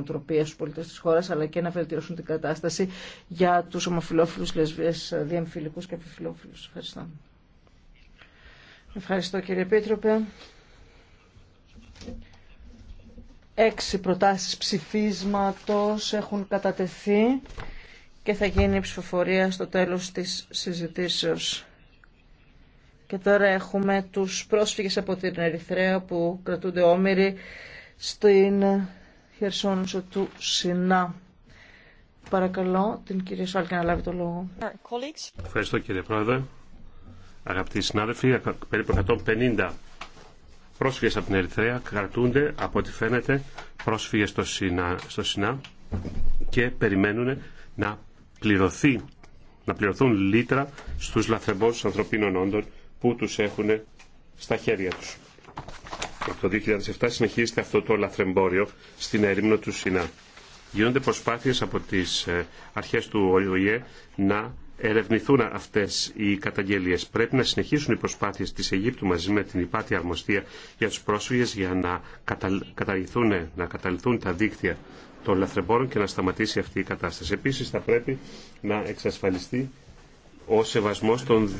οτροπία στους πολίτες της χώρας, αλλά και να βελτιώσουν την κατάσταση για τους ομοφιλόφιλους, λεσβείες, διεμφυλικούς και επιφιλόφιλους. Ευχαριστώ. Ευχαριστώ κύριε Πίτροπε. Έξι προτάσεις ψηφίσματος έχουν κατατεθεί και θα γίνει η ψηφοφορία στο τέλος της συζητήσεως. Και τώρα έχουμε τους πρόσφυγες από την Ερυθρέα που κρατούνται όμοιροι στην Χερσόνησο του Παρακαλώ την κυρία Σουάλκη να λάβει το λόγο. Ευχαριστώ κύριε Πρόεδρε. Αγαπητοί συνάδελφοι, περίπου 150 πρόσφυγες από την Ερυθρέα κρατούνται από ό,τι φαίνεται πρόσφυγες στο Σινά, στο και περιμένουν να πληρωθεί να πληρωθούν λίτρα στους λαθρεμπόρους ανθρωπίνων όντων που τους έχουν στα χέρια τους. Από το 2007 συνεχίζεται αυτό το λαθρεμπόριο στην έρημνο του Σινά. Γίνονται προσπάθειες από τις ε, αρχές του ΟΗΕ να ερευνηθούν αυτές οι καταγγελίες. Πρέπει να συνεχίσουν οι προσπάθειες της Αιγύπτου μαζί με την υπάτη αρμοστία για τους πρόσφυγες για να, καταληθούν, να καταληθούν τα δίκτυα των λαθρεμπόρων και να σταματήσει αυτή η κατάσταση. Επίσης θα πρέπει να εξασφαλιστεί ο σεβασμό των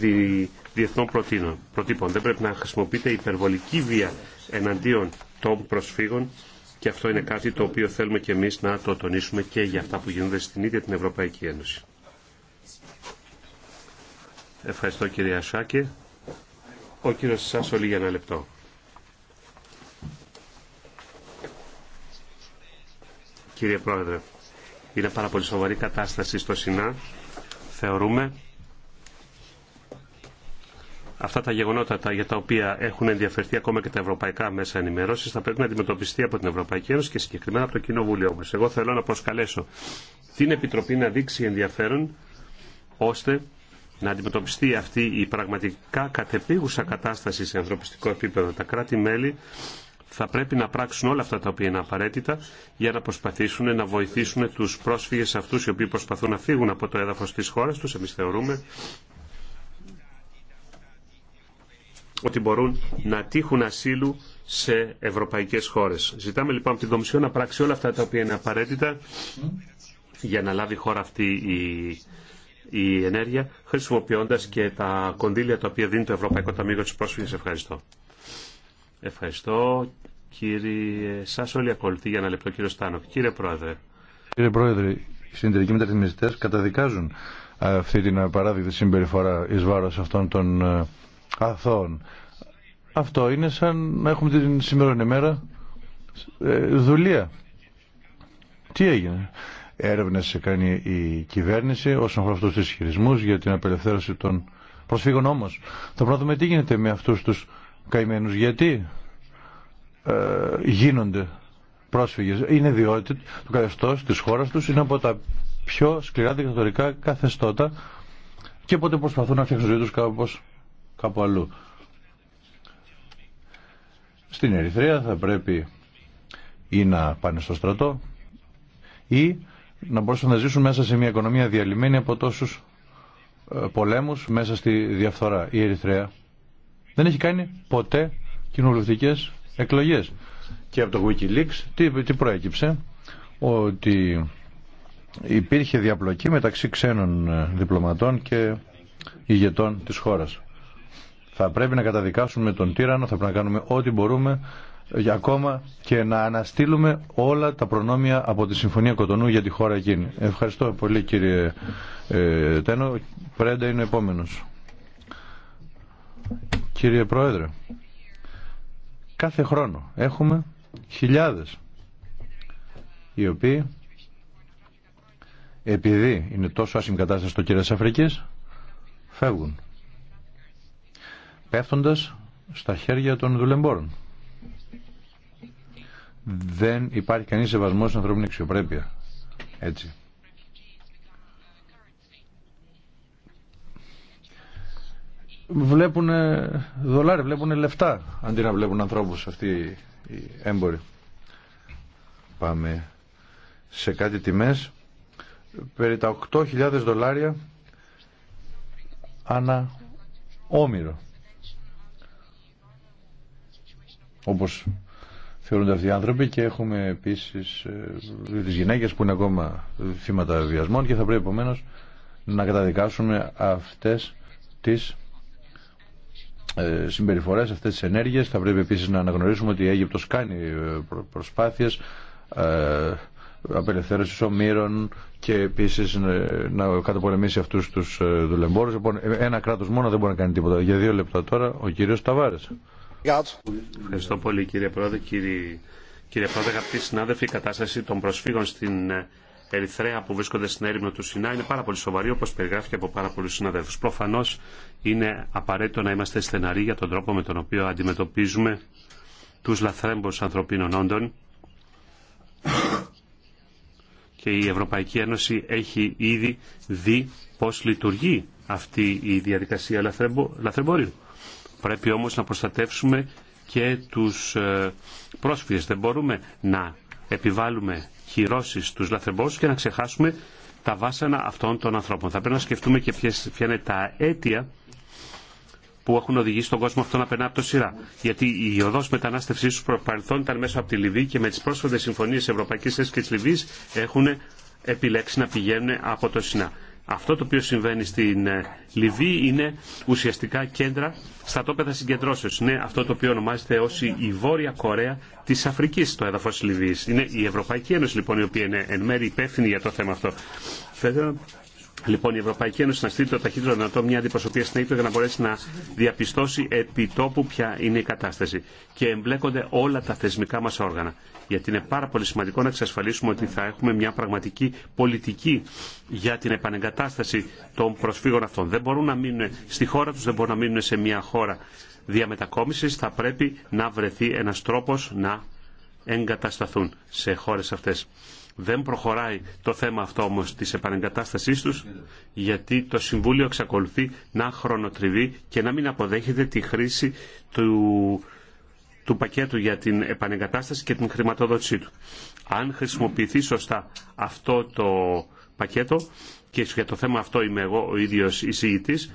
διεθνών προτύπων. Δεν πρέπει να χρησιμοποιείται υπερβολική βία εναντίον των προσφύγων και αυτό είναι κάτι το οποίο θέλουμε και εμείς να το τονίσουμε και για αυτά που γίνονται στην ίδια την Ευρωπαϊκή Ένωση. Ευχαριστώ κύριε Ασάκη. Ο κύριος Σάσολη για ένα λεπτό. Κύριε Πρόεδρε, είναι πάρα πολύ σοβαρή κατάσταση στο ΣΥΝΑ. Θεωρούμε αυτά τα γεγονότα τα, για τα οποία έχουν ενδιαφερθεί ακόμα και τα ευρωπαϊκά μέσα ενημέρωση θα πρέπει να αντιμετωπιστεί από την Ευρωπαϊκή Ένωση και συγκεκριμένα από το Κοινοβούλιο μα. Εγώ θέλω να προσκαλέσω την Επιτροπή να δείξει ενδιαφέρον ώστε να αντιμετωπιστεί αυτή η πραγματικά κατεπίγουσα κατάσταση σε ανθρωπιστικό επίπεδο. Τα κράτη-μέλη θα πρέπει να πράξουν όλα αυτά τα οποία είναι απαραίτητα για να προσπαθήσουν να βοηθήσουν του πρόσφυγε αυτού οι οποίοι προσπαθούν να φύγουν από το έδαφο τη χώρα του. Εμεί θεωρούμε ότι μπορούν να τύχουν ασύλου σε ευρωπαϊκέ χώρε. Ζητάμε λοιπόν από την Κομισιόν να πράξει όλα αυτά τα οποία είναι απαραίτητα για να λάβει χώρα αυτή η, η ενέργεια, χρησιμοποιώντα και τα κονδύλια τα οποία δίνει το Ευρωπαϊκό Ταμείο τη Πρόσφυγη. Ευχαριστώ. Ευχαριστώ. Κύριε Σάσολη, ακολουθεί για ένα λεπτό κύριο Στάνο. Κύριε Πρόεδρε. Κύριε Πρόεδρε, οι συντηρητικοί μεταρρυθμιστέ καταδικάζουν αυτή την απαράδεκτη συμπεριφορά ει βάρο αυτών των ε, αυτό είναι σαν να έχουμε την σημερινή μέρα ε, δουλεία. Τι έγινε. Έρευνες κάνει η κυβέρνηση όσον αφορά αυτούς τους ισχυρισμού για την απελευθέρωση των προσφύγων όμως. Θα πρέπει να δούμε τι γίνεται με αυτούς τους καημένους. Γιατί ε, γίνονται πρόσφυγες. Είναι διότι το καθεστώς της χώρας τους είναι από τα πιο σκληρά δικτατορικά καθεστώτα και οπότε προσπαθούν να φτιάξουν ζωή τους κάπως κάπου αλλού. Στην Ερυθρέα θα πρέπει ή να πάνε στο στρατό ή να μπορούσαν να ζήσουν μέσα σε μια οικονομία διαλυμένη από τόσους ε, πολέμους μέσα στη διαφθορά. Η Ερυθρέα δεν έχει κάνει ποτέ κοινοβουλευτικές εκλογές. Και από το Wikileaks τι, τι προέκυψε ότι υπήρχε διαπλοκή μεταξύ ξένων ε, διπλωματών και ηγετών της χώρας. Θα πρέπει να καταδικάσουμε τον τύρανο, θα πρέπει να κάνουμε ό,τι μπορούμε για ακόμα και να αναστείλουμε όλα τα προνόμια από τη Συμφωνία Κοτονού για τη χώρα εκείνη. Ευχαριστώ πολύ κύριε ε, Τένο. Πρέντα είναι ο επόμενος. Κύριε Πρόεδρε, κάθε χρόνο έχουμε χιλιάδες οι οποίοι επειδή είναι τόσο άσχημη κατάσταση στο κύριε Αφρικής φεύγουν πέφτοντας στα χέρια των δουλεμπόρων. Δεν υπάρχει κανείς σεβασμός στην ανθρώπινη αξιοπρέπεια. Έτσι. Βλέπουν δολάρια, βλέπουν λεφτά αντί να βλέπουν ανθρώπους αυτοί οι έμποροι. Πάμε σε κάτι τιμές περί τα 8.000 δολάρια ανά όμηρο. όπως θεωρούνται αυτοί οι άνθρωποι και έχουμε επίσης ε, τις γυναίκες που είναι ακόμα θύματα βιασμών και θα πρέπει επομένω να καταδικάσουμε αυτές τις ε, συμπεριφορές, αυτές τις ενέργειες. Θα πρέπει επίσης να αναγνωρίσουμε ότι η Αίγυπτος κάνει ε, προσπάθειες απελευθέρωση ομήρων και επίσης να καταπολεμήσει αυτούς τους δουλεμπόρους. Λοιπόν, ένα κράτο μόνο δεν μπορεί να κάνει τίποτα. Για δύο λεπτά τώρα ο κύριο Ταβάρε. Ευχαριστώ πολύ κύριε Πρόεδρε. Κύριε, Πρόεδρε, αγαπητοί συνάδελφοι, η κατάσταση των προσφύγων στην ε, Ερυθρέα που βρίσκονται στην έρημνο του Σινά είναι πάρα πολύ σοβαρή, όπω περιγράφηκε από πάρα πολλού συναδέλφου. Προφανώ είναι απαραίτητο να είμαστε στεναροί για τον τρόπο με τον οποίο αντιμετωπίζουμε του λαθρέμπου ανθρωπίνων όντων. Και η Ευρωπαϊκή Ένωση έχει ήδη δει πώ λειτουργεί αυτή η διαδικασία λαθρεμπορίου. Πρέπει όμως να προστατεύσουμε και τους ε, πρόσφυγες. Δεν μπορούμε να επιβάλλουμε χειρώσεις στους λαθρεμπόρους και να ξεχάσουμε τα βάσανα αυτών των ανθρώπων. Θα πρέπει να σκεφτούμε και ποιες, ποια είναι τα αίτια που έχουν οδηγήσει τον κόσμο αυτό να περνά από το σειρά. Γιατί η οδό μετανάστευσή του προπαρελθόν ήταν μέσα από τη Λιβύη και με τι πρόσφατε συμφωνίε Ευρωπαϊκή Ένωση και τη Λιβύη έχουν επιλέξει να πηγαίνουν από το Σινά. Αυτό το οποίο συμβαίνει στην ε, Λιβύη είναι ουσιαστικά κέντρα στατόπεδα συγκεντρώσεως. Είναι αυτό το οποίο ονομάζεται ως η Βόρεια Κορέα της Αφρικής το έδαφος της Λιβύης. Είναι η Ευρωπαϊκή Ένωση λοιπόν η οποία είναι εν μέρει υπεύθυνη για το θέμα αυτό. Λοιπόν, η Ευρωπαϊκή Ένωση να στείλει το ταχύτερο δυνατό μια αντιπροσωπεία στην Αίγυπτο για να μπορέσει να διαπιστώσει επί τόπου ποια είναι η κατάσταση. Και εμπλέκονται όλα τα θεσμικά μα όργανα. Γιατί είναι πάρα πολύ σημαντικό να εξασφαλίσουμε ότι θα έχουμε μια πραγματική πολιτική για την επανεγκατάσταση των προσφύγων αυτών. Δεν μπορούν να μείνουν στη χώρα του, δεν μπορούν να μείνουν σε μια χώρα διαμετακόμιση. Θα πρέπει να βρεθεί ένα τρόπο να εγκατασταθούν σε χώρε αυτέ. Δεν προχωράει το θέμα αυτό όμως της επανεγκατάστασής τους γιατί το Συμβούλιο εξακολουθεί να χρονοτριβεί και να μην αποδέχεται τη χρήση του, του πακέτου για την επανεγκατάσταση και την χρηματοδότησή του. Αν χρησιμοποιηθεί σωστά αυτό το πακέτο και για το θέμα αυτό είμαι εγώ ο ίδιος εισηγητής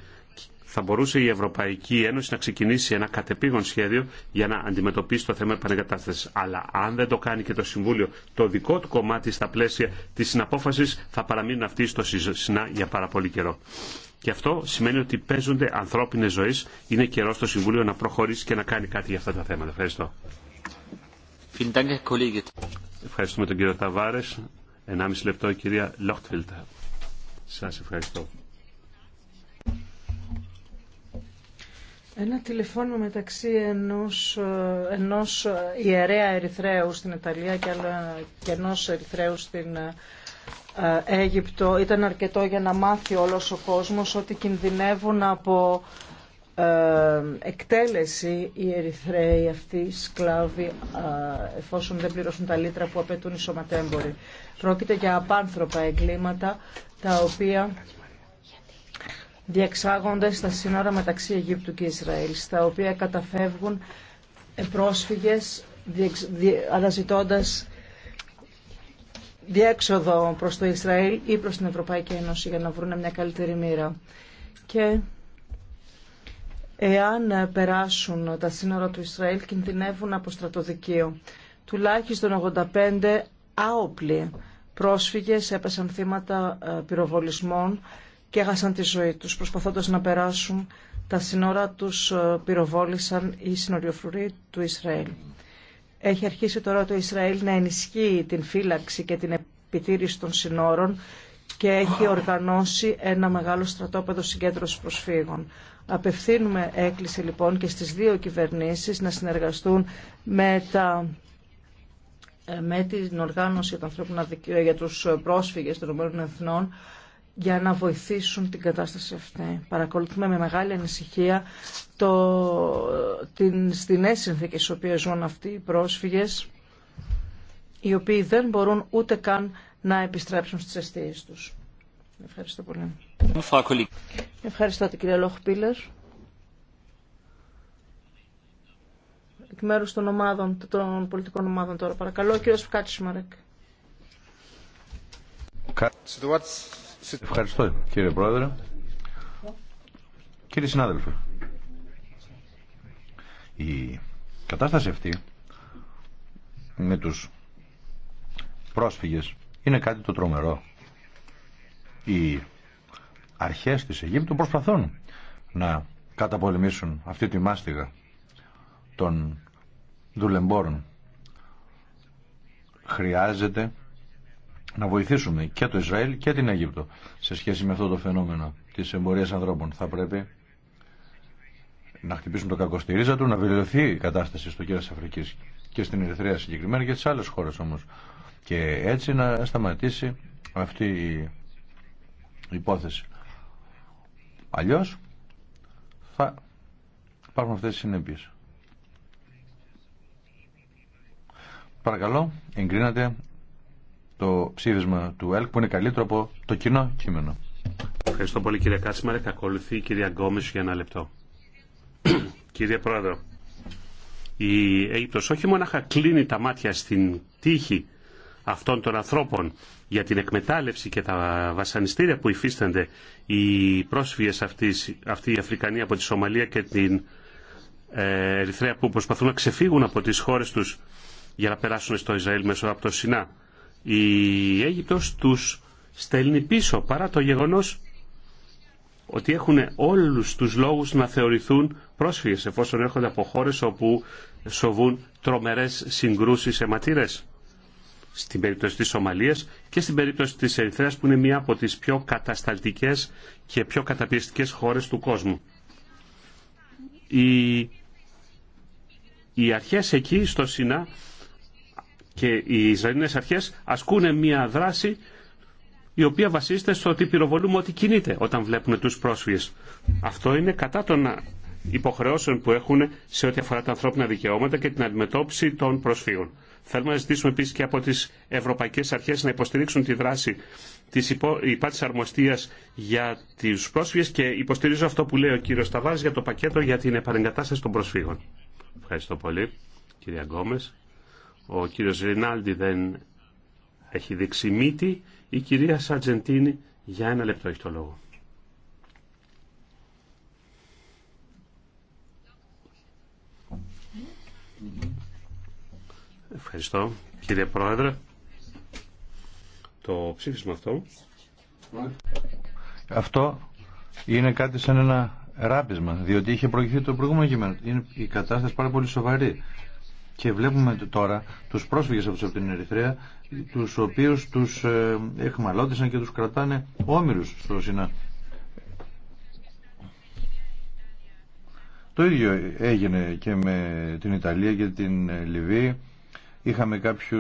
θα μπορούσε η Ευρωπαϊκή Ένωση να ξεκινήσει ένα κατεπήγον σχέδιο για να αντιμετωπίσει το θέμα επανεγκατάσταση. Αλλά αν δεν το κάνει και το Συμβούλιο το δικό του κομμάτι στα πλαίσια τη συναπόφαση, θα παραμείνουν αυτοί στο ΣΥΝΑ για πάρα πολύ καιρό. Και αυτό σημαίνει ότι παίζονται ανθρώπινε ζωέ. Είναι καιρό στο Συμβούλιο να προχωρήσει και να κάνει κάτι για αυτά τα θέματα. Ευχαριστώ. Ευχαριστούμε τον κύριο Ταβάρε. 1,5 λεπτό κυρία Λόχτφιλτ. Σας ευχαριστώ. Ένα τηλεφώνημα μεταξύ ενός, ενός ιερέα Ερυθρέου στην Ιταλία και, άλλο, και ενός Ερυθρέου στην ε, Αίγυπτο ήταν αρκετό για να μάθει όλος ο κόσμος ότι κινδυνεύουν από ε, εκτέλεση οι Ερυθρέοι αυτοί οι σκλάβοι ε, εφόσον δεν πληρώσουν τα λίτρα που απαιτούν οι σωματέμποροι. Πρόκειται για απάνθρωπα εγκλήματα τα οποία διεξάγονται στα σύνορα μεταξύ Αιγύπτου και Ισραήλ, στα οποία καταφεύγουν πρόσφυγες αναζητώντας διέξοδο προς το Ισραήλ ή προς την Ευρωπαϊκή Ένωση για να βρουν μια καλύτερη μοίρα. Και εάν περάσουν τα σύνορα του Ισραήλ κινδυνεύουν από στρατοδικείο. Τουλάχιστον 85 άοπλοι πρόσφυγες έπεσαν θύματα ε, πυροβολισμών και έχασαν τη ζωή τους προσπαθώντας να περάσουν τα σύνορα τους ε, πυροβόλησαν οι συνοριοφρουροί του Ισραήλ. Έχει αρχίσει τώρα το Ισραήλ να ενισχύει την φύλαξη και την επιτήρηση των συνόρων και έχει οργανώσει ένα μεγάλο στρατόπεδο συγκέντρωσης προσφύγων. Απευθύνουμε έκκληση λοιπόν και στις δύο κυβερνήσεις να συνεργαστούν με τα ε, με την οργάνωση για τους ε, πρόσφυγες των ΗΠΑ για να βοηθήσουν την κατάσταση αυτή. Παρακολουθούμε με μεγάλη ανησυχία το, την, στις νέες συνθήκες στις οποίες ζουν αυτοί οι πρόσφυγες οι οποίοι δεν μπορούν ούτε καν να επιστρέψουν στις αιστείες τους. Ευχαριστώ πολύ. Ευχαριστώ την κυρία Πίλερ. Εκ μέρους των, ομάδων, των πολιτικών ομάδων τώρα παρακαλώ, ο κύριο Φκάτσιμαρεκ. Ευχαριστώ κύριε Πρόεδρε. Κύριοι συνάδελφοι, η κατάσταση αυτή με τους πρόσφυγες είναι κάτι το τρομερό. Οι αρχές της Αιγύπτου προσπαθούν να καταπολεμήσουν αυτή τη μάστιγα των δουλεμπόρων. Χρειάζεται να βοηθήσουμε και το Ισραήλ και την Αίγυπτο σε σχέση με αυτό το φαινόμενο της εμπορίας ανθρώπων. Θα πρέπει να χτυπήσουν το κακό στη ρίζα του, να βελτιωθεί η κατάσταση στο κέρα της Αφρικής και στην Ερυθρέα συγκεκριμένα και στις άλλες χώρες όμως. Και έτσι να σταματήσει αυτή η υπόθεση. Αλλιώς θα υπάρχουν αυτές οι συνέπειες. Παρακαλώ, εγκρίνατε το ψήφισμα του ΕΛΚ που είναι καλύτερο από το κοινό κείμενο. Ευχαριστώ πολύ κύριε Θα Ακολουθεί η κυρία Γκόμης για ένα λεπτό. κύριε Πρόεδρο, η Αίγυπτος όχι μονάχα κλείνει τα μάτια στην τύχη αυτών των ανθρώπων για την εκμετάλλευση και τα βασανιστήρια που υφίστανται οι πρόσφυγες αυτής, αυτοί οι Αφρικανοί από τη Σομαλία και την ε, Ερυθρέα που προσπαθούν να ξεφύγουν από τις χώρες τους για να περάσουν στο Ισραήλ μέσω από το Σινά η Αίγυπτος τους στέλνει πίσω παρά το γεγονός ότι έχουν όλους τους λόγους να θεωρηθούν πρόσφυγες εφόσον έρχονται από χώρες όπου σοβούν τρομερές συγκρούσεις αιματήρες στην περίπτωση της Σομαλίας και στην περίπτωση της Ερυθρέας που είναι μία από τις πιο κατασταλτικές και πιο καταπιεστικές χώρες του κόσμου. Οι, οι αρχές εκεί στο Σινά και οι Ισραηλινές αρχές ασκούν μια δράση η οποία βασίζεται στο ότι πυροβολούμε ότι κινείται όταν βλέπουν τους πρόσφυγες. Αυτό είναι κατά των υποχρεώσεων που έχουν σε ό,τι αφορά τα ανθρώπινα δικαιώματα και την αντιμετώπιση των προσφύγων. Θέλουμε να ζητήσουμε επίση και από τι ευρωπαϊκέ αρχέ να υποστηρίξουν τη δράση τη υπο... υπάτη αρμοστία για του πρόσφυγε και υποστηρίζω αυτό που λέει ο κύριο Σταβάζ για το πακέτο για την επανεγκατάσταση των προσφύγων. Ευχαριστώ πολύ, κυρία Γκόμε. Ο κύριος Ρινάλντι δεν έχει δείξει μύτη. Η κυρία Σαρτζεντίνη για ένα λεπτό έχει το λόγο. Ευχαριστώ κύριε Πρόεδρε. Το ψήφισμα αυτό. Αυτό είναι κάτι σαν ένα ράπισμα, διότι είχε προηγηθεί το προηγούμενο κείμενο. Είναι η κατάσταση πάρα πολύ σοβαρή και βλέπουμε τώρα τους πρόσφυγες από την Ερυθρέα τους οποίους τους εχμαλώτησαν και τους κρατάνε όμοιρους στο Σινά. Το ίδιο έγινε και με την Ιταλία και την Λιβύη. Είχαμε κάποιου...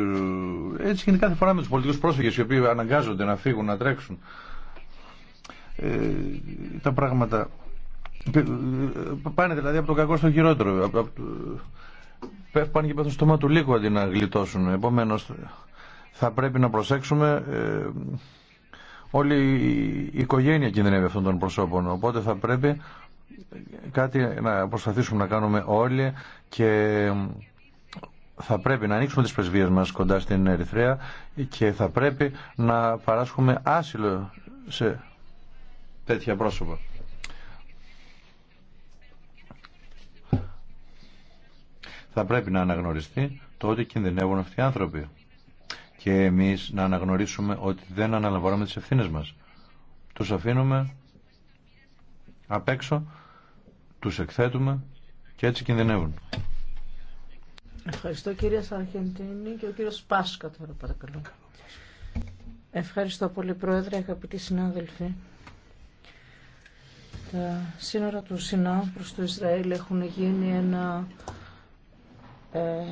Έτσι γίνεται κάθε φορά με τους πολιτικούς πρόσφυγες οι οποίοι αναγκάζονται να φύγουν, να τρέξουν. Ε, τα πράγματα πάνε δηλαδή από το κακό στο χειρότερο. Από, πέφτουν και πέφτουν στο στόμα του λίγο αντί να γλιτώσουν. Επομένως θα πρέπει να προσέξουμε ε, όλη η οικογένεια κινδυνεύει αυτών των προσώπων. Οπότε θα πρέπει κάτι να προσπαθήσουμε να κάνουμε όλοι και θα πρέπει να ανοίξουμε τις πρεσβείες μας κοντά στην Ερυθρέα και θα πρέπει να παράσχουμε άσυλο σε τέτοια πρόσωπα. θα πρέπει να αναγνωριστεί το ότι κινδυνεύουν αυτοί οι άνθρωποι. Και εμείς να αναγνωρίσουμε ότι δεν αναλαμβάνουμε τις ευθύνες μας. Τους αφήνουμε απ' έξω, τους εκθέτουμε και έτσι κινδυνεύουν. Ευχαριστώ κυρία Σαρχεντίνη και ο κύριος Πάσκα τώρα παρακαλώ. Ευχαριστώ πολύ Πρόεδρε, αγαπητοί συνάδελφοι. Τα σύνορα του Σινά προς το Ισραήλ έχουν γίνει ένα ε,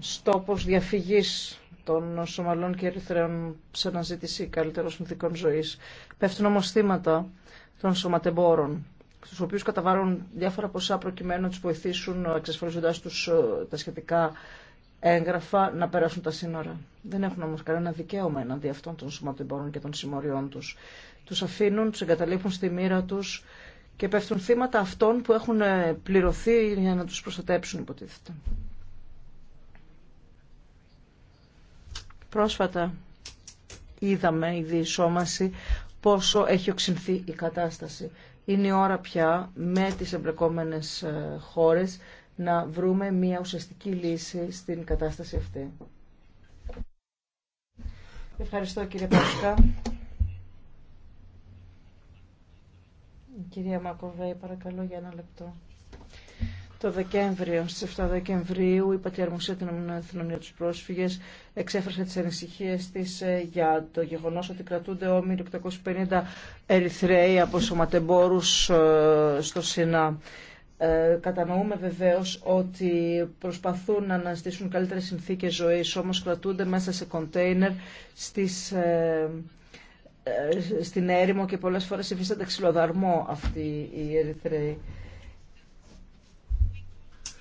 στόπος διαφυγής των Σομαλών και Ερυθρέων σε αναζήτηση καλύτερων συνθήκων ζωής. Πέφτουν όμως θύματα των σωματεμπόρων, στους οποίους καταβάλουν διάφορα ποσά προκειμένου να τους βοηθήσουν, εξασφαλίζοντας τους ε, τα σχετικά έγγραφα να περάσουν τα σύνορα. Δεν έχουν όμως κανένα δικαίωμα εναντί αυτών των σωματεμπόρων και των συμμοριών τους. Τους αφήνουν, τους εγκαταλείπουν στη μοίρα τους, και πέφτουν θύματα αυτών που έχουν ε, πληρωθεί για να τους προστατέψουν υποτίθεται. Πρόσφατα είδαμε η διεισόμαση πόσο έχει οξυνθεί η κατάσταση. Είναι η ώρα πια με τις εμπλεκόμενες ε, χώρες να βρούμε μια ουσιαστική λύση στην κατάσταση αυτή. Ευχαριστώ κύριε Πασκά. Κυρία Μακοβέη, παρακαλώ για ένα λεπτό. Το Δεκέμβριο, στις 7 Δεκεμβρίου, η Πατιαρμοσία των Εθνών για Πρόσφυγες εξέφρασε τις ανησυχίες της ε, για το γεγονός ότι κρατούνται όμοιροι 850 Ερυθρέοι από σωματεμπόρους ε, στο Σινά. Ε, κατανοούμε βεβαίως ότι προσπαθούν να αναζητήσουν καλύτερες συνθήκες ζωής, όμως κρατούνται μέσα σε κοντέινερ στις... Ε, στην έρημο και πολλές φορές υφίστανται ξυλοδαρμό αυτοί οι Ερυθρέη.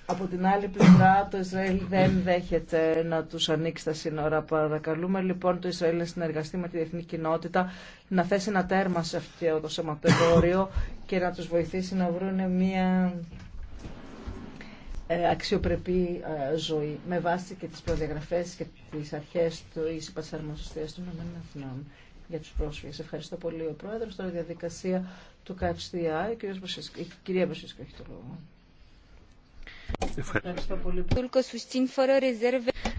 Από την άλλη πλευρά το Ισραήλ δεν δέχεται να τους ανοίξει τα σύνορα. Παρακαλούμε λοιπόν το Ισραήλ να συνεργαστεί με τη διεθνή κοινότητα, να θέσει ένα τέρμα σε αυτό το σωματεμπόριο και να τους βοηθήσει να βρουν μια ε, αξιοπρεπή ε, ζωή με βάση και τις προδιαγραφές και τις αρχές του της των ΗΠΑ για τους πρόσφυγες. Ευχαριστώ πολύ ο Πρόεδρος. Τώρα διαδικασία του ΚΑΤΣΤΙΑ. Η κυρία Μπροσίσκα έχει το λόγο. Ευχαριστώ πολύ.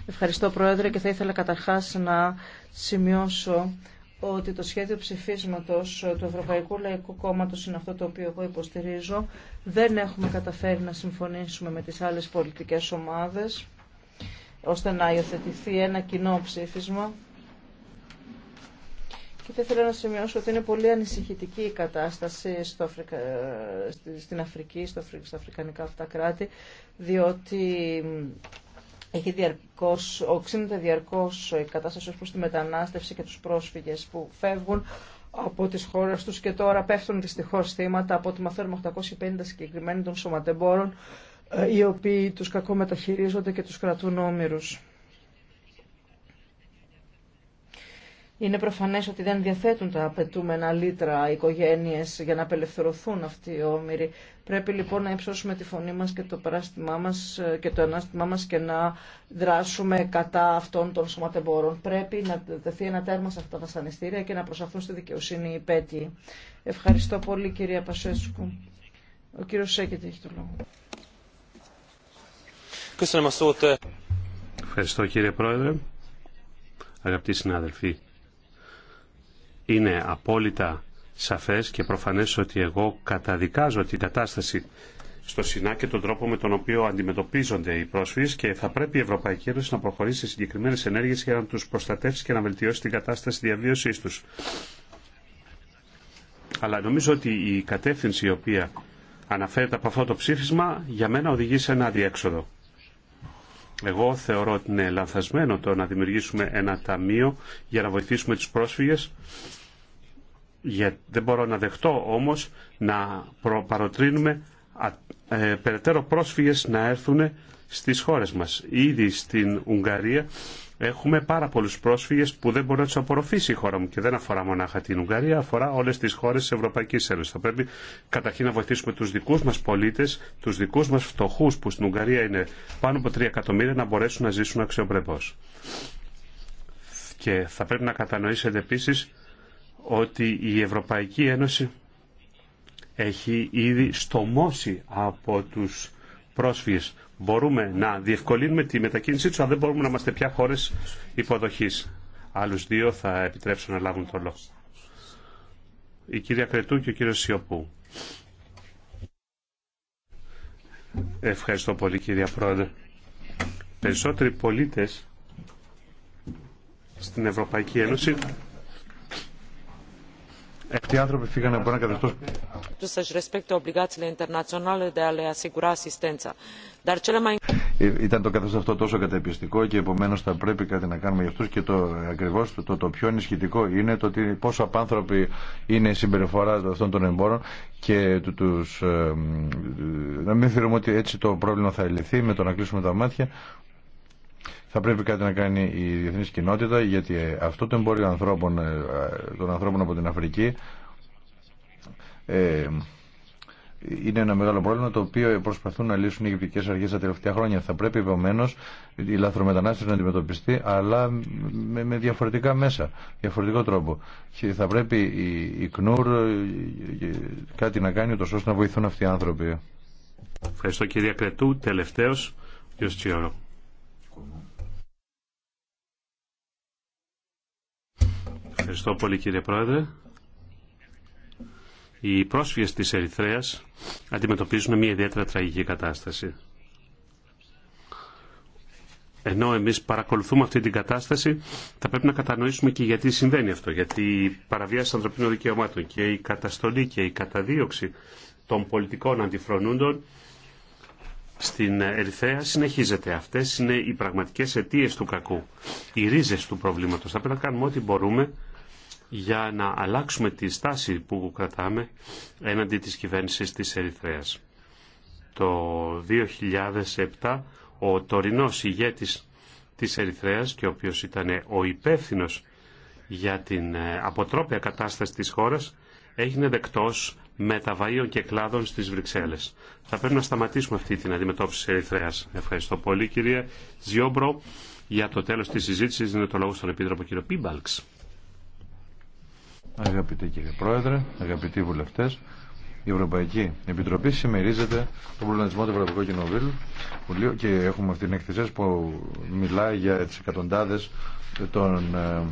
Ευχαριστώ Πρόεδρε και θα ήθελα καταρχάς να σημειώσω ότι το σχέδιο ψηφίσματος του Ευρωπαϊκού Λαϊκού Κόμματος είναι αυτό το οποίο εγώ υποστηρίζω. Δεν έχουμε καταφέρει να συμφωνήσουμε με τις άλλες πολιτικές ομάδες ώστε να υιοθετηθεί ένα κοινό ψήφισμα και θα ήθελα να σημειώσω ότι είναι πολύ ανησυχητική η κατάσταση στο στην Αφρική, στο στα αφρικανικά αυτά κράτη, διότι έχει διαρκώς, οξύνεται διαρκώς η κατάσταση όπως προς τη μετανάστευση και τους πρόσφυγες που φεύγουν από τις χώρες τους και τώρα πέφτουν δυστυχώς θύματα από ό,τι μαθαίνουμε 850 συγκεκριμένοι των σωματεμπόρων ε, οι οποίοι τους μεταχειρίζονται και τους κρατούν όμοιρους. Είναι προφανές ότι δεν διαθέτουν τα απαιτούμενα λίτρα οικογένειες για να απελευθερωθούν αυτοί οι όμοιροι. Πρέπει λοιπόν να υψώσουμε τη φωνή μας και το παράστημά μας ε, και το ανάστημά μας και να δράσουμε κατά αυτών των σωματεμπόρων. Πρέπει να δεθεί ένα τέρμα σε αυτά τα σανιστήρια και να προσαρθούν στη δικαιοσύνη οι πέτοιοι. Ευχαριστώ πολύ κυρία Πασέσκου. Ο κύριος Σέκετ έχει το λόγο. Ευχαριστώ κύριε Πρόεδρε. Αγαπητοί συνάδελφοι, είναι απόλυτα σαφές και προφανές ότι εγώ καταδικάζω την κατάσταση στο ΣΥΝΑ και τον τρόπο με τον οποίο αντιμετωπίζονται οι πρόσφυγες και θα πρέπει η Ευρωπαϊκή Ένωση να προχωρήσει σε συγκεκριμένες ενέργειες για να τους προστατεύσει και να βελτιώσει την κατάσταση διαβίωσής τους. Αλλά νομίζω ότι η κατεύθυνση η οποία αναφέρεται από αυτό το ψήφισμα για μένα οδηγεί σε ένα αδιέξοδο. Εγώ θεωρώ ότι είναι λανθασμένο το να δημιουργήσουμε ένα ταμείο για να βοηθήσουμε τους πρόσφυγες δεν μπορώ να δεχτώ όμως να παροτρύνουμε ε, περαιτέρω πρόσφυγες να έρθουν στις χώρες μας. Ήδη στην Ουγγαρία έχουμε πάρα πολλούς πρόσφυγες που δεν μπορεί να τους απορροφήσει η χώρα μου και δεν αφορά μονάχα την Ουγγαρία, αφορά όλες τις χώρες της Ευρωπαϊκής Ένωσης. Θα πρέπει καταρχήν να βοηθήσουμε τους δικούς μας πολίτες, τους δικούς μας φτωχούς που στην Ουγγαρία είναι πάνω από 3 εκατομμύρια να μπορέσουν να ζήσουν αξιοπρεπώς. Και θα πρέπει να κατανοήσετε επίσης ότι η Ευρωπαϊκή Ένωση έχει ήδη στομώσει από τους πρόσφυγες. Μπορούμε να διευκολύνουμε τη μετακίνησή τους, αλλά δεν μπορούμε να είμαστε πια χώρες υποδοχής. Άλλους δύο θα επιτρέψουν να λάβουν το λόγο. Η κυρία Κρετού και ο κύριος Σιωπού. Ευχαριστώ πολύ κυρία Πρόεδρε. Περισσότεροι πολίτες στην Ευρωπαϊκή Ένωση αυτοί οι άνθρωποι φύγανε από ένα καθεστώ. Ε, ήταν το καθεστώ αυτό τόσο καταπιστικό και επομένω θα πρέπει κάτι να κάνουμε για αυτού και το ακριβώ το, το, πιο ενισχυτικό είναι το ότι πόσο απάνθρωποι είναι η συμπεριφορά αυτών των εμπόρων και τους, ε, ε, να μην θεωρούμε ότι έτσι το πρόβλημα θα λυθεί με το να κλείσουμε τα μάτια θα πρέπει κάτι να κάνει η διεθνή κοινότητα γιατί αυτό το εμπόριο ανθρώπων, ε, των ανθρώπων από την Αφρική ε, είναι ένα μεγάλο πρόβλημα το οποίο προσπαθούν να λύσουν οι Αιγυπτικές αρχές τα τελευταία χρόνια. Θα πρέπει επομένω η λαθρομετανάστευση να αντιμετωπιστεί αλλά με, διαφορετικά μέσα, διαφορετικό τρόπο. Και θα πρέπει η, η ΚΝΟΥΡ ε, ε, κάτι να κάνει ώστε να βοηθούν αυτοί οι άνθρωποι. Ευχαριστώ κύριε Κρετού. Τελευταίος, κ. Τσιόρο. Ευχαριστώ πολύ κύριε Πρόεδρε. Οι πρόσφυγες της Ερυθρέας αντιμετωπίζουν μια ιδιαίτερα τραγική κατάσταση. Ενώ εμείς παρακολουθούμε αυτή την κατάσταση, θα πρέπει να κατανοήσουμε και γιατί συμβαίνει αυτό. Γιατί η παραβίαση ανθρωπίνων δικαιωμάτων και η καταστολή και η καταδίωξη των πολιτικών αντιφρονούντων στην Ερυθρέα συνεχίζεται. Αυτές είναι οι πραγματικές αιτίες του κακού, οι ρίζες του προβλήματος. Θα πρέπει να κάνουμε ό,τι μπορούμε για να αλλάξουμε τη στάση που κρατάμε έναντι της κυβέρνησης της Ερυθρέας. Το 2007 ο τωρινός ηγέτης της Ερυθρέας και ο οποίος ήταν ο υπεύθυνο για την ε, αποτρόπια κατάσταση της χώρας έγινε δεκτός μεταβαίων και κλάδων στις Βρυξέλλες. Θα πρέπει να σταματήσουμε αυτή την αντιμετώπιση της Ερυθρέας. Ευχαριστώ πολύ κυρία Ζιόμπρο. Για το τέλος της συζήτησης δίνω το λόγο στον Επίτροπο κύριο Πίμπαλξ. Αγαπητοί κύριε Πρόεδρε, αγαπητοί βουλευτές, η Ευρωπαϊκή Επιτροπή συμμερίζεται τον προβληματισμό του Ευρωπαϊκού Κοινοβούλου και έχουμε αυτήν την εκθεσία που μιλάει για τι εκατοντάδε των ε,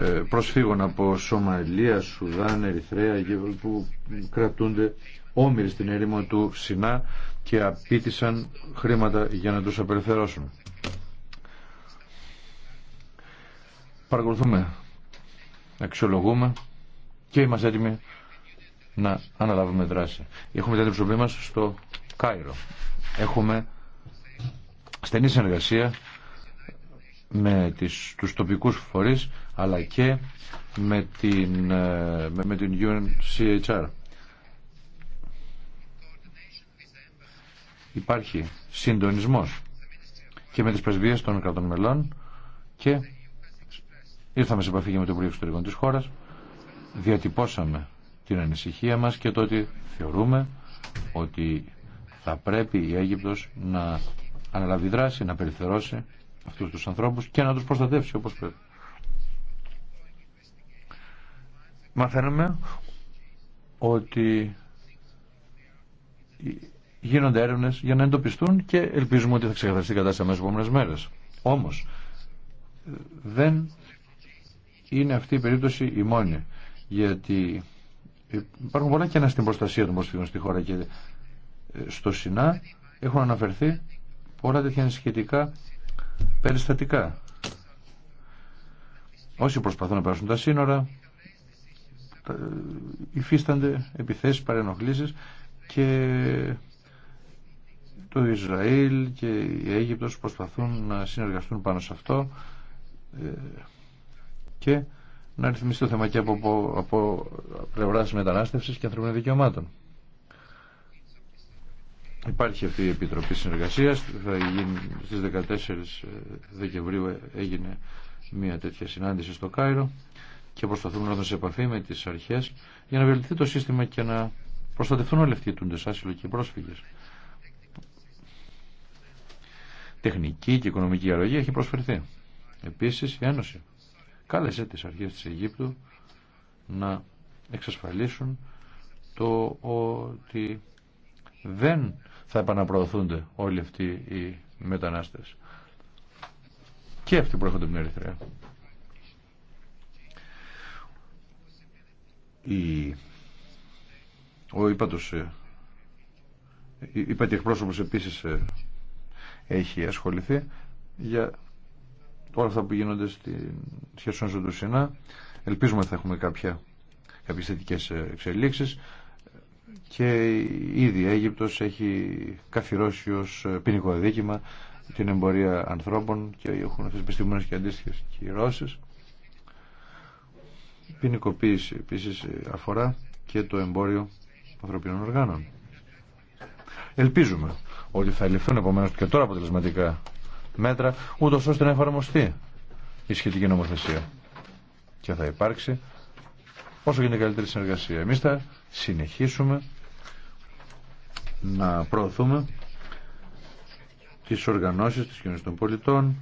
ε, προσφύγων από Σομαλία, Σουδάν, Ερυθρέα που κρατούνται όμοιροι στην έρημο του Σινά και απίτησαν χρήματα για να τους απελευθερώσουν. Παρακολουθούμε αξιολογούμε και είμαστε έτοιμοι να αναλάβουμε δράση. Έχουμε την αντιπροσωπή μας στο Κάιρο. Έχουμε στενή συνεργασία με τις, τους τοπικούς φορείς αλλά και με την, ε, με, με την UNCHR. Υπάρχει συντονισμός και με τις πρεσβείες των κρατών μελών και Ήρθαμε σε επαφή και με το Υπουργείο Εξωτερικών της χώρας, διατυπώσαμε την ανησυχία μας και το ότι θεωρούμε ότι θα πρέπει η Αίγυπτος να αναλάβει δράση, να περιθερώσει αυτούς τους ανθρώπους και να τους προστατεύσει όπως πρέπει. Μαθαίνουμε ότι γίνονται έρευνες για να εντοπιστούν και ελπίζουμε ότι θα ξεκαθαριστεί η κατάσταση μέσα μέρες. Όμως ε, δεν είναι αυτή η περίπτωση η μόνη. Γιατί υπάρχουν πολλά κενά στην προστασία των προσφύγων στη χώρα και ε, στο ΣΥΝΑ έχουν αναφερθεί πολλά τέτοια σχετικά περιστατικά. Όσοι προσπαθούν να περάσουν τα σύνορα ε, υφίστανται επιθέσεις, παρενοχλήσεις και το Ισραήλ και η Αίγυπτος προσπαθούν να συνεργαστούν πάνω σε αυτό ε, και να ρυθμιστεί το θέμα και από, από, από πλευρά μετανάστευση και ανθρωπίνων δικαιωμάτων. Υπάρχει αυτή η Επιτροπή συνεργασία. Στι 14 Δεκεμβρίου έγινε μια τέτοια συνάντηση στο Κάιρο και προσπαθούμε να είμαστε σε επαφή με τι αρχέ για να βελτιωθεί το σύστημα και να προστατευτούν όλοι αυτοί οι τούντε άσυλο και πρόσφυγε. Τεχνική και οικονομική αλλαγή έχει προσφερθεί. Επίση η Ένωση κάλεσε τις αρχές της Αιγύπτου να εξασφαλίσουν το ότι δεν θα επαναπροωθούνται όλοι αυτοί οι μετανάστες. Και αυτοί που έρχονται από την Ερυθρέα. Η... Ο Ήπατος ε, είπατε εκπρόσωπος επίσης ε, έχει ασχοληθεί για όλα αυτά που γίνονται στη σχέση του Σινά. Ελπίζουμε θα έχουμε κάποια, κάποιες θετικές εξελίξεις και ήδη η Αίγυπτος έχει καθυρώσει ως ποινικό αδίκημα την εμπορία ανθρώπων και έχουν θεσπιστημένες και αντίστοιχες κυρώσεις. ποινικοποίηση επίσης αφορά και το εμπόριο ανθρωπίνων οργάνων. Ελπίζουμε ότι θα ληφθούν επομένως και τώρα αποτελεσματικά μέτρα ούτω ώστε να εφαρμοστεί η σχετική νομοθεσία. Και θα υπάρξει όσο γίνεται καλύτερη συνεργασία. Εμείς θα συνεχίσουμε να προωθούμε τις οργανώσεις της κοινωνίας των πολιτών,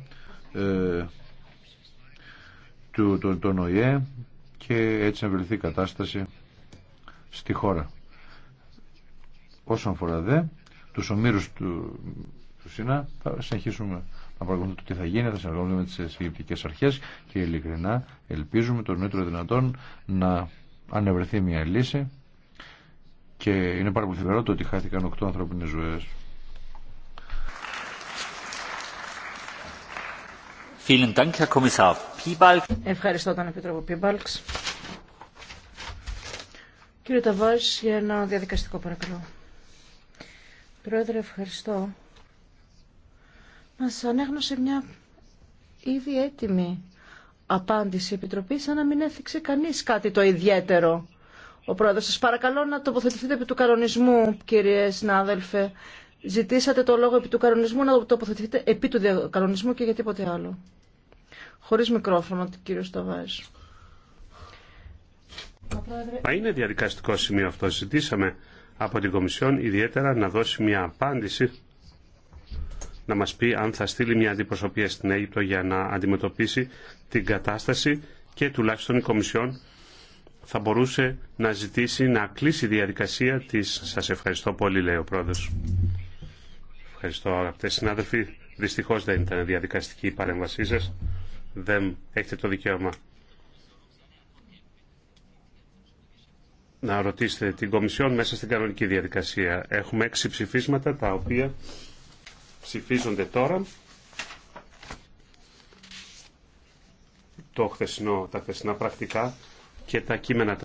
ε, του, τον, τον ΟΗΕ και έτσι να η κατάσταση στη χώρα. Όσον αφορά δε τους ομήρους του, του ΣΥΝΑ θα συνεχίσουμε να παρακολουθούμε το τι θα γίνει, θα συνεργαστούμε με τις Αιγυπτικές Αρχές και ειλικρινά ελπίζουμε τον μέτρο δυνατόν να ανεβρεθεί μια λύση και είναι πάρα πολύ θυμερό το ότι χάθηκαν οκτώ ανθρώπινες ζωές. Ευχαριστώ τον Επίτροπο Πίμπαλξ. Κύριε Ταβάρης, για ένα διαδικαστικό παρακαλώ. Πρόεδρε, ευχαριστώ. Μας ανέγνωσε μια ήδη έτοιμη απάντηση Επιτροπής Επιτροπή, σαν να μην έθιξε κανείς κάτι το ιδιαίτερο. Ο πρόεδρος, σας παρακαλώ να τοποθετηθείτε επί του κανονισμού, κύριε συνάδελφε. Ζητήσατε το λόγο επί του κανονισμού, να τοποθετηθείτε επί του κανονισμού και για τίποτε άλλο. Χωρίς μικρόφωνο, κύριο Σταβάζ. Μα είναι διαδικαστικό σημείο αυτό. Ζητήσαμε από την Κομισιόν ιδιαίτερα να δώσει μια απάντηση να μας πει αν θα στείλει μια αντιπροσωπεία στην Αίγυπτο για να αντιμετωπίσει την κατάσταση και τουλάχιστον η Κομισιόν θα μπορούσε να ζητήσει να κλείσει η διαδικασία της. Σας ευχαριστώ πολύ, λέει ο πρόεδρος. Ευχαριστώ, αγαπητέ συνάδελφοι. Δυστυχώς δεν ήταν διαδικαστική η παρέμβασή σας. Δεν έχετε το δικαίωμα να ρωτήσετε την Κομισιόν μέσα στην κανονική διαδικασία. Έχουμε έξι ψηφίσματα τα οποία ψηφίζονται τώρα. Το τα χθεσινά πρακτικά και τα κείμενα